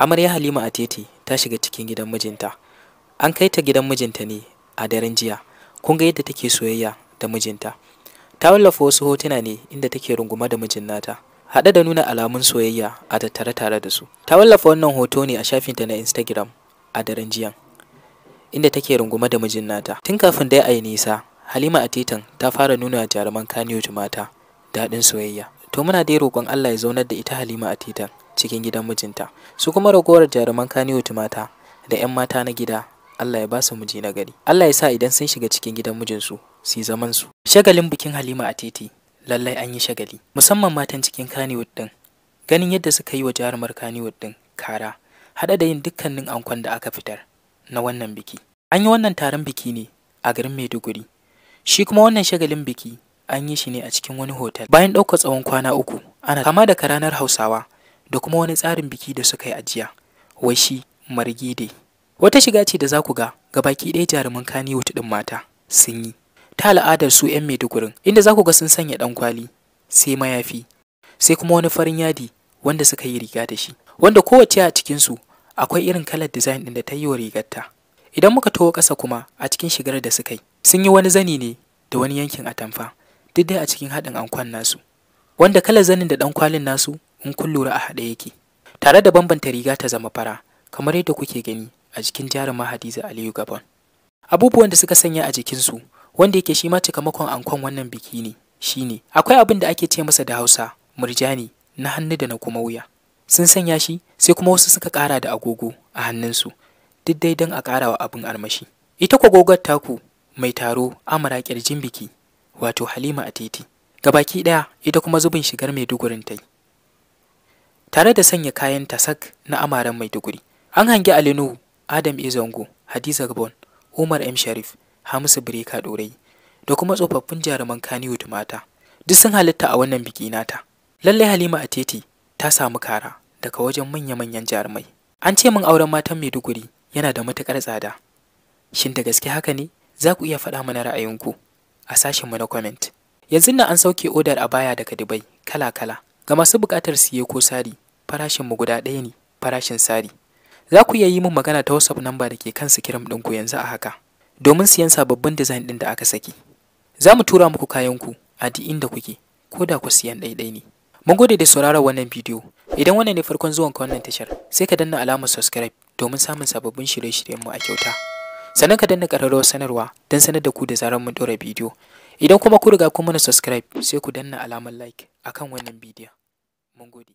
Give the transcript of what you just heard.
Amarya Halima Atete ta shiga cikin gidan mijinta. An kai ta gidan mijinta ne a daren jiya. Kun ga yadda take soyayya da mijinta. Ta wallafa wasu hotuna ne inda take runguma da mijin nata. Haɗe da nuna alamun soyayya a tattare tare da su. Ta wallafa wannan hoto ne a shafinta na Instagram a daren jiya Inda take runguma da mijin nata. Tun kafin dai a yi nisa, Halima Atetan ta fara nuna jaruman Kaniyo mata daɗin soyayya. To muna dai roƙon Allah ya zaunar da ita Halima Atetan. cikin gidan mijinta su kuma ragowar jaruman kaniwood mata da 'yan mata na gida Allah ya ba su miji na gari Allah ya sa idan sun shiga cikin gidan mijinsu su yi zaman su shagalin bikin Halima a titi lallai an yi shagali musamman matan cikin Kaniwood din ganin yadda suka yi wa jarumar Kaniwood din kara haɗa da yin dukkanin ankon da aka fitar na wannan biki an yi wannan taron biki ne a garin Maiduguri shi kuma wannan shagalin biki an yi shi ne a cikin wani hotel bayan ɗaukar tsawon kwana uku ana kama daga ranar Hausawa da kuma wani tsarin biki da suka yi a jiya. wai shi margide wata shiga ce da za ku ga ga baki ɗaya jaruman kaniwood ɗin mata sun yi ta al'adar su 'yan maidugurin inda za ku ga sun sanya ɗan kwali sai mayafi sai kuma wani farin yadi wanda suka yi riga da shi wanda kowace a cikinsu akwai irin kalar design ɗin da ta yi wa rigarta idan muka taho ƙasa kuma a cikin shigar da suka yi sun yi wani zani ne da wani yankin atamfa duk dai a cikin haɗin ankon nasu wanda kalar zanin da ɗan kwalin nasu in kun lura a haɗe yake tare da bambanta riga ta zama fara kamar yadda kuke gani a jikin jaruma Hadiza Aliyu Gabon abubuwan da suka sanya a jikinsu wanda yake shi ma cikamakon ankon wannan biki ne shi ne. akwai abin da ake ce masa da Hausa murjani na hannu da na kuma wuya sun sanya shi sai kuma wasu suka ƙara da agogo a hannunsu duk dai don a ƙara wa abin armashi ita kwagogar taku mai taro amara ƙirjin biki wato halima a titi ga baki ɗaya ita kuma zubin shigar mai dugurin ta tare da sanya kayan tasak na amaren Maiduguri. An hangi Ali Nuhu, Adam Izongo, Hadiza Gabon, Umar M. Sharif, Hamisu Bireka Dorai, da kuma tsofaffin jaruman Kaniyu mata. Duk sun halitta a wannan biki nata. Lallai Halima titi ta samu kara daga wajen manya-manyan jarumai. An ce min auren matan Maiduguri yana da matuƙar tsada. Shin da gaske haka ne? Za ku iya faɗa mana ra'ayinku a sashenmu na comment. Yanzu na an sauke odar a baya daga Dubai kala-kala ga masu buƙatar siye ko sari Farashin mu guda ɗaya ne farashin sari za ku iya yi min magana ta whatsapp namba da ke kan sikiram ɗinku yanzu a haka domin siyan sababbin design ɗin da aka saki za mu tura muku kayanku a duk inda kuke ko da ku siyan ɗaiɗai ne mun gode da sauraron wannan bidiyo idan wannan ne farkon zuwan ka wannan tashar sai ka danna alamar subscribe domin samun sababbin shirye shiryen mu a kyauta sannan ka danna ƙararrawar sanarwa don sanar da ku da zarar mun ɗora bidiyo idan kuma ku riga kun mana subscribe sai ku danna alamar like akan wannan bidiyon mun gode